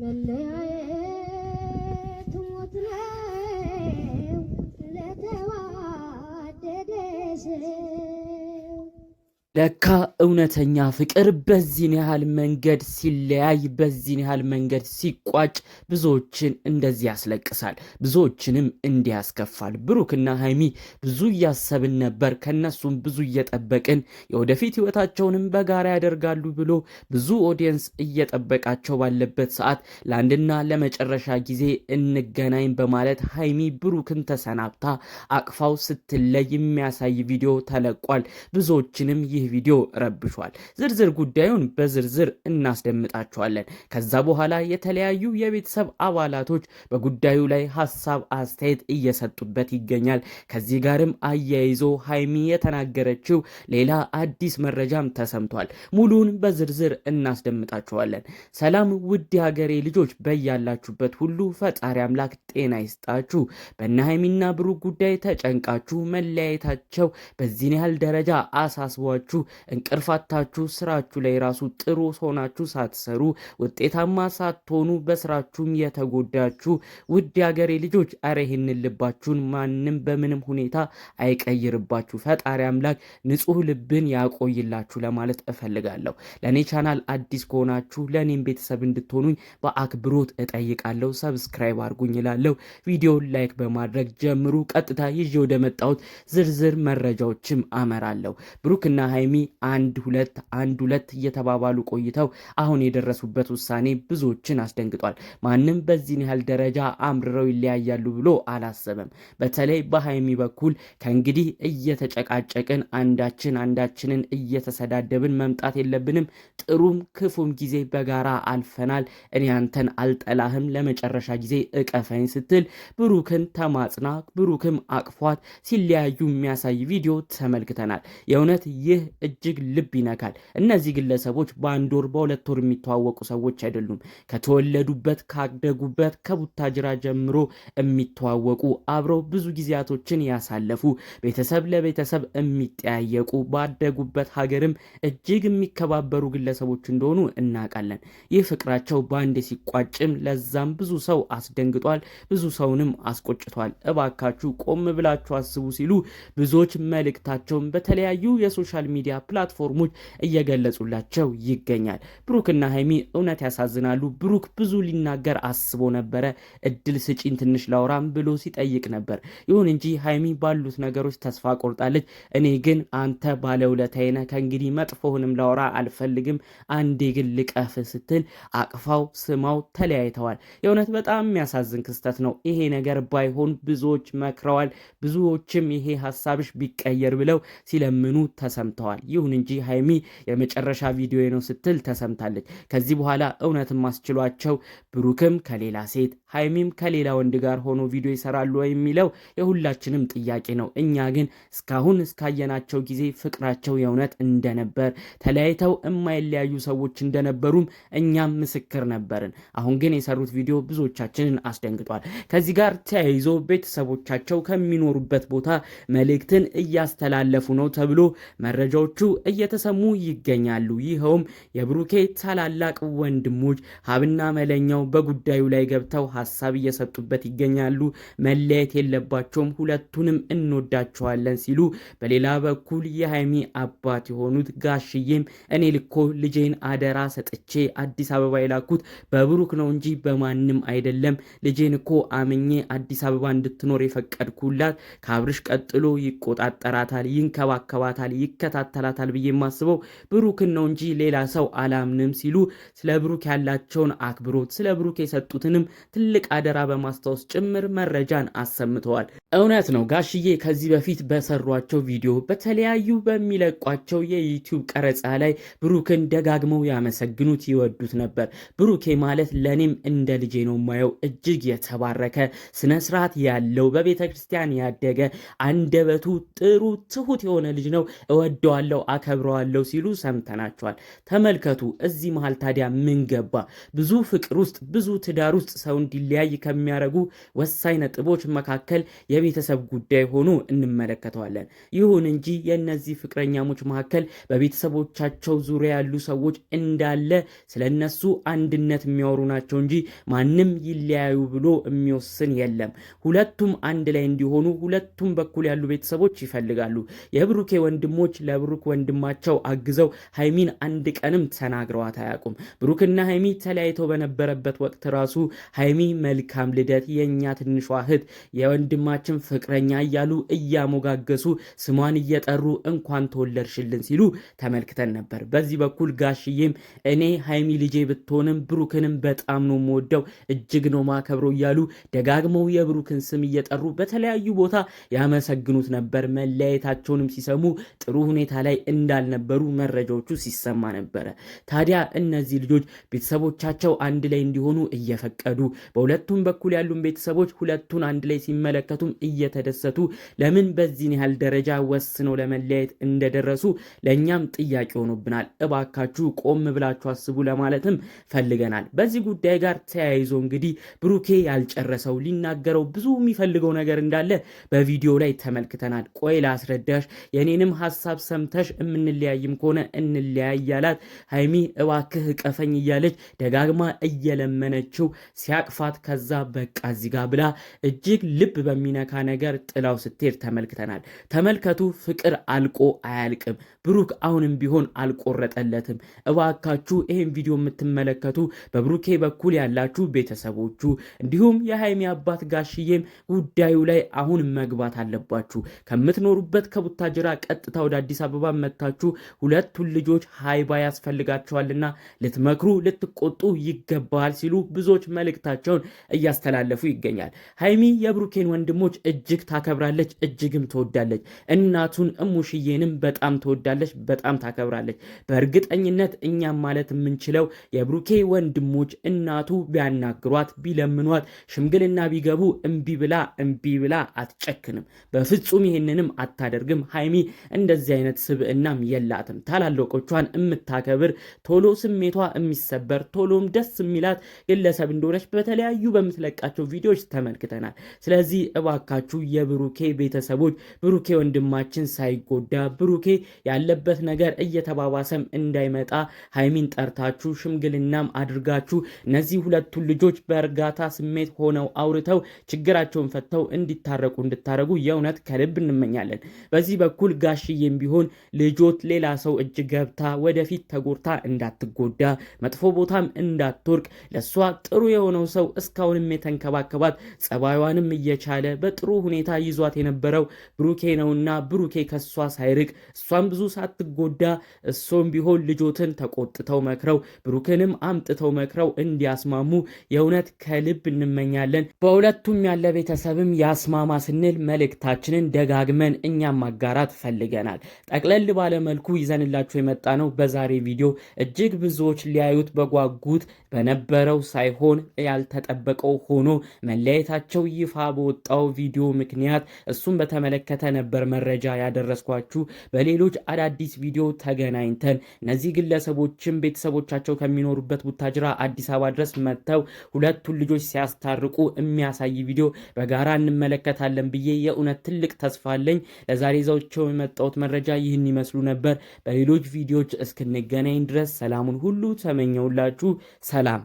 奶奶。ለካ እውነተኛ ፍቅር በዚህን ያህል መንገድ ሲለያይ በዚህን ያህል መንገድ ሲቋጭ ብዙዎችን እንደዚህ ያስለቅሳል፣ ብዙዎችንም እንዲህ ያስከፋል። ብሩክና ሀይሚ ብዙ እያሰብን ነበር፣ ከነሱም ብዙ እየጠበቅን የወደፊት ህይወታቸውንም በጋራ ያደርጋሉ ብሎ ብዙ ኦዲየንስ እየጠበቃቸው ባለበት ሰዓት ለአንድና ለመጨረሻ ጊዜ እንገናኝ በማለት ሀይሚ ብሩክን ተሰናብታ አቅፋው ስትለይ የሚያሳይ ቪዲዮ ተለቋል። ብዙዎችንም ይህ ይህ ቪዲዮ ረብሿል። ዝርዝር ጉዳዩን በዝርዝር እናስደምጣችኋለን። ከዛ በኋላ የተለያዩ የቤተሰብ አባላቶች በጉዳዩ ላይ ሀሳብ፣ አስተያየት እየሰጡበት ይገኛል። ከዚህ ጋርም አያይዞ ሀይሚ የተናገረችው ሌላ አዲስ መረጃም ተሰምቷል። ሙሉን በዝርዝር እናስደምጣችኋለን። ሰላም ውድ የሀገሬ ልጆች በያላችሁበት ሁሉ ፈጣሪ አምላክ ጤና ይስጣችሁ። በነ ሀይሚና ብሩክ ጉዳይ ተጨንቃችሁ መለያየታቸው በዚህን ያህል ደረጃ አሳስቧችሁ ሆናችሁ እንቅልፋታችሁ ስራችሁ ላይ ራሱ ጥሩ ሆናችሁ ሳትሰሩ ውጤታማ ሳትሆኑ በስራችሁም የተጎዳችሁ ውድ የአገሬ ልጆች፣ አረ ይህንን ልባችሁን ማንም በምንም ሁኔታ አይቀይርባችሁ። ፈጣሪ አምላክ ንጹህ ልብን ያቆይላችሁ ለማለት እፈልጋለሁ። ለእኔ ቻናል አዲስ ከሆናችሁ ለእኔም ቤተሰብ እንድትሆኑኝ በአክብሮት እጠይቃለሁ። ሰብስክራይብ አድርጉኝ እላለሁ። ቪዲዮን ላይክ በማድረግ ጀምሩ። ቀጥታ ይዤ ወደ መጣሁት ዝርዝር መረጃዎችም አመራለሁ። ብሩክና ሀይሚ አንድ ሁለት አንድ ሁለት እየተባባሉ ቆይተው አሁን የደረሱበት ውሳኔ ብዙዎችን አስደንግጧል። ማንም በዚህን ያህል ደረጃ አምርረው ይለያያሉ ብሎ አላሰበም። በተለይ በሀይሚ በኩል ከእንግዲህ እየተጨቃጨቅን አንዳችን አንዳችንን እየተሰዳደብን መምጣት የለብንም። ጥሩም ክፉም ጊዜ በጋራ አልፈናል። እኔ አንተን አልጠላህም፣ ለመጨረሻ ጊዜ እቀፈኝ ስትል ብሩክን ተማጽና ብሩክም አቅፏት ሲለያዩ የሚያሳይ ቪዲዮ ተመልክተናል። የእውነት ይህ እጅግ ልብ ይነካል። እነዚህ ግለሰቦች በአንድ ወር በሁለት ወር የሚተዋወቁ ሰዎች አይደሉም። ከተወለዱበት ካደጉበት ከቡታጅራ ጀምሮ የሚተዋወቁ አብረው ብዙ ጊዜያቶችን ያሳለፉ ቤተሰብ ለቤተሰብ የሚጠያየቁ ባደጉበት ሀገርም እጅግ የሚከባበሩ ግለሰቦች እንደሆኑ እናውቃለን። ይህ ፍቅራቸው በአንዴ ሲቋጭም ለዛም ብዙ ሰው አስደንግጧል፣ ብዙ ሰውንም አስቆጭቷል። እባካችሁ ቆም ብላችሁ አስቡ ሲሉ ብዙዎች መልእክታቸውን በተለያዩ የሶሻል የሚዲያ ፕላትፎርሞች እየገለጹላቸው ይገኛል። ብሩክና ሀይሚ እውነት ያሳዝናሉ። ብሩክ ብዙ ሊናገር አስቦ ነበረ። እድል ስጪን ትንሽ ላውራም ብሎ ሲጠይቅ ነበር። ይሁን እንጂ ሀይሚ ባሉት ነገሮች ተስፋ ቆርጣለች። እኔ ግን አንተ ባለውለታዬ ነህ፣ ከእንግዲህ መጥፎህንም ላውራ አልፈልግም፣ አንዴ ግን ልቀፍ ስትል አቅፋው ስማው ተለያይተዋል። የእውነት በጣም የሚያሳዝን ክስተት ነው። ይሄ ነገር ባይሆን ብዙዎች መክረዋል። ብዙዎችም ይሄ ሀሳብሽ ቢቀየር ብለው ሲለምኑ ተሰምተዋል። ተሰምተዋል። ይሁን እንጂ ሀይሚ የመጨረሻ ቪዲዮ ነው ስትል ተሰምታለች። ከዚህ በኋላ እውነትም አስችሏቸው ብሩክም ከሌላ ሴት ሀይሚም ከሌላ ወንድ ጋር ሆኖ ቪዲዮ ይሰራሉ የሚለው የሁላችንም ጥያቄ ነው። እኛ ግን እስካሁን እስካየናቸው ጊዜ ፍቅራቸው የእውነት እንደነበር ተለያይተው የማይለያዩ ሰዎች እንደነበሩም እኛም ምስክር ነበርን። አሁን ግን የሰሩት ቪዲዮ ብዙዎቻችንን አስደንግጧል። ከዚህ ጋር ተያይዞ ቤተሰቦቻቸው ከሚኖሩበት ቦታ መልእክትን እያስተላለፉ ነው ተብሎ መረጃዎቹ እየተሰሙ ይገኛሉ። ይኸውም የብሩኬ ታላላቅ ወንድሞች ሀብና መለኛው በጉዳዩ ላይ ገብተው ሀሳብ እየሰጡበት ይገኛሉ። መለየት የለባቸውም፣ ሁለቱንም እንወዳቸዋለን ሲሉ በሌላ በኩል የሀይሚ አባት የሆኑት ጋሽዬም እኔ ልኮ ልጄን አደራ ሰጥቼ አዲስ አበባ የላኩት በብሩክ ነው እንጂ በማንም አይደለም። ልጄን እኮ አምኜ አዲስ አበባ እንድትኖር የፈቀድኩላት ከአብርሽ ቀጥሎ ይቆጣጠራታል፣ ይንከባከባታል፣ ይከታተላታል ብዬ የማስበው ብሩክን ነው እንጂ ሌላ ሰው አላምንም ሲሉ ስለ ብሩክ ያላቸውን አክብሮት ስለ ብሩክ የሰጡትንም ትልቅ አደራ በማስታወስ ጭምር መረጃን አሰምተዋል። እውነት ነው ጋሽዬ ከዚህ በፊት በሰሯቸው ቪዲዮ በተለያዩ በሚለቋቸው የዩቲዩብ ቀረጻ ላይ ብሩክን ደጋግመው ያመሰግኑት ይወዱት ነበር። ብሩኬ ማለት ለእኔም እንደ ልጄ ነው ማየው እጅግ የተባረከ ስነ ስርዓት ያለው በቤተ ክርስቲያን ያደገ አንደበቱ ጥሩ ትሁት የሆነ ልጅ ነው እወደዋለሁ፣ አከብረዋለሁ ሲሉ ሰምተናቸዋል። ተመልከቱ። እዚህ መሃል ታዲያ ምን ገባ? ብዙ ፍቅር ውስጥ ብዙ ትዳር ውስጥ ሰው እንዲ እንዲለያይ ከሚያደርጉ ወሳኝ ነጥቦች መካከል የቤተሰብ ጉዳይ ሆኖ እንመለከተዋለን። ይሁን እንጂ የእነዚህ ፍቅረኛሞች መካከል በቤተሰቦቻቸው ዙሪያ ያሉ ሰዎች እንዳለ ስለነሱ አንድነት የሚያወሩ ናቸው እንጂ ማንም ይለያዩ ብሎ የሚወስን የለም። ሁለቱም አንድ ላይ እንዲሆኑ ሁለቱም በኩል ያሉ ቤተሰቦች ይፈልጋሉ። የብሩኬ ወንድሞች ለብሩክ ወንድማቸው አግዘው ሀይሚን አንድ ቀንም ተናግረዋት አያውቁም። ብሩክና ሀይሚ ተለያይተው በነበረበት ወቅት ራሱ ሀይሚ መልካም ልደት የእኛ ትንሿ እህት የወንድማችን ፍቅረኛ እያሉ እያሞጋገሱ ስሟን እየጠሩ እንኳን ተወለድሽልን ሲሉ ተመልክተን ነበር። በዚህ በኩል ጋሽዬም እኔ ሀይሚ ልጄ ብትሆንም ብሩክንም በጣም ነው የምወደው እጅግ ነው ማከብረው እያሉ ደጋግመው የብሩክን ስም እየጠሩ በተለያዩ ቦታ ያመሰግኑት ነበር። መለያየታቸውንም ሲሰሙ ጥሩ ሁኔታ ላይ እንዳልነበሩ መረጃዎቹ ሲሰማ ነበረ። ታዲያ እነዚህ ልጆች ቤተሰቦቻቸው አንድ ላይ እንዲሆኑ እየፈቀዱ በሁለቱም በኩል ያሉን ቤተሰቦች ሁለቱን አንድ ላይ ሲመለከቱም እየተደሰቱ ለምን በዚህን ያህል ደረጃ ወስነው ለመለያየት እንደደረሱ ለእኛም ጥያቄ ሆኖብናል። እባካችሁ ቆም ብላችሁ አስቡ ለማለትም ፈልገናል። በዚህ ጉዳይ ጋር ተያይዞ እንግዲህ ብሩኬ ያልጨረሰው ሊናገረው ብዙ የሚፈልገው ነገር እንዳለ በቪዲዮ ላይ ተመልክተናል። ቆይ ላስረዳሽ፣ የኔንም ሀሳብ ሰምተሽ የምንለያይም ከሆነ እንለያይ ያላት ሀይሚ እባክህ እቀፈኝ እያለች ደጋግማ እየለመነችው ሲያቅፋ አቅፏት ከዛ በቃ እዚህ ጋር ብላ እጅግ ልብ በሚነካ ነገር ጥላው ስትሄድ ተመልክተናል። ተመልከቱ፣ ፍቅር አልቆ አያልቅም። ብሩክ አሁንም ቢሆን አልቆረጠለትም። እባካችሁ ይህን ቪዲዮ የምትመለከቱ በብሩኬ በኩል ያላችሁ ቤተሰቦቹ እንዲሁም የሀይሚ አባት ጋሽዬም ጉዳዩ ላይ አሁን መግባት አለባችሁ። ከምትኖሩበት ከቡታጅራ ቀጥታ ወደ አዲስ አበባ መታችሁ ሁለቱን ልጆች ሀይባ ያስፈልጋቸዋልና ልትመክሩ ልትቆጡ ይገባል ሲሉ ብዙዎች መልእክታቸውን መልእክታቸውን እያስተላለፉ ይገኛል። ሀይሚ የብሩኬን ወንድሞች እጅግ ታከብራለች፣ እጅግም ትወዳለች። እናቱን እሙሽዬንም በጣም ትወዳለች፣ በጣም ታከብራለች። በእርግጠኝነት እኛም ማለት የምንችለው የብሩኬ ወንድሞች እናቱ ቢያናግሯት፣ ቢለምኗት፣ ሽምግልና ቢገቡ እምቢ ብላ እምቢ ብላ አትጨክንም። በፍጹም ይህንንም አታደርግም። ሀይሚ እንደዚህ አይነት ስብዕናም የላትም። ታላለቆቿን የምታከብር ቶሎ ስሜቷ የሚሰበር ቶሎም ደስ የሚላት ግለሰብ እንደሆነች በተለ በተለያዩ በምትለቃቸው ቪዲዮዎች ተመልክተናል። ስለዚህ እባካችሁ የብሩኬ ቤተሰቦች ብሩኬ ወንድማችን ሳይጎዳ ብሩኬ ያለበት ነገር እየተባባሰም እንዳይመጣ ሀይሚን ጠርታችሁ ሽምግልናም አድርጋችሁ እነዚህ ሁለቱን ልጆች በእርጋታ ስሜት ሆነው አውርተው ችግራቸውን ፈተው እንዲታረቁ እንድታረጉ የእውነት ከልብ እንመኛለን። በዚህ በኩል ጋሽዬም ቢሆን ልጆት ሌላ ሰው እጅ ገብታ ወደፊት ተጎድታ እንዳትጎዳ መጥፎ ቦታም እንዳትወርቅ ለእሷ ጥሩ የሆነው ሰው እስካሁንም የተንከባከባት ጸባይዋንም እየቻለ በጥሩ ሁኔታ ይዟት የነበረው ብሩኬ ነውና ብሩኬ ከሷ ሳይርቅ እሷም ብዙ ሳትጎዳ እሱም ቢሆን ልጆትን ተቆጥተው መክረው ብሩክንም አምጥተው መክረው እንዲያስማሙ የእውነት ከልብ እንመኛለን። በሁለቱም ያለ ቤተሰብም ያስማማ ስንል መልእክታችንን ደጋግመን እኛም ማጋራት ፈልገናል። ጠቅለል ባለመልኩ ይዘንላችሁ የመጣ ነው በዛሬ ቪዲዮ እጅግ ብዙዎች ሊያዩት በጓጉት በነበረው ሳይሆን ያልተ እንደተጠበቀው ሆኖ መለያየታቸው ይፋ በወጣው ቪዲዮ ምክንያት እሱን በተመለከተ ነበር መረጃ ያደረስኳችሁ። በሌሎች አዳዲስ ቪዲዮ ተገናኝተን እነዚህ ግለሰቦችም ቤተሰቦቻቸው ከሚኖሩበት ቡታጅራ አዲስ አበባ ድረስ መጥተው ሁለቱን ልጆች ሲያስታርቁ የሚያሳይ ቪዲዮ በጋራ እንመለከታለን ብዬ የእውነት ትልቅ ተስፋ አለኝ። ለዛሬ ዘውቸው የመጣሁት መረጃ ይህን ይመስሉ ነበር። በሌሎች ቪዲዮዎች እስክንገናኝ ድረስ ሰላሙን ሁሉ ተመኘውላችሁ። ሰላም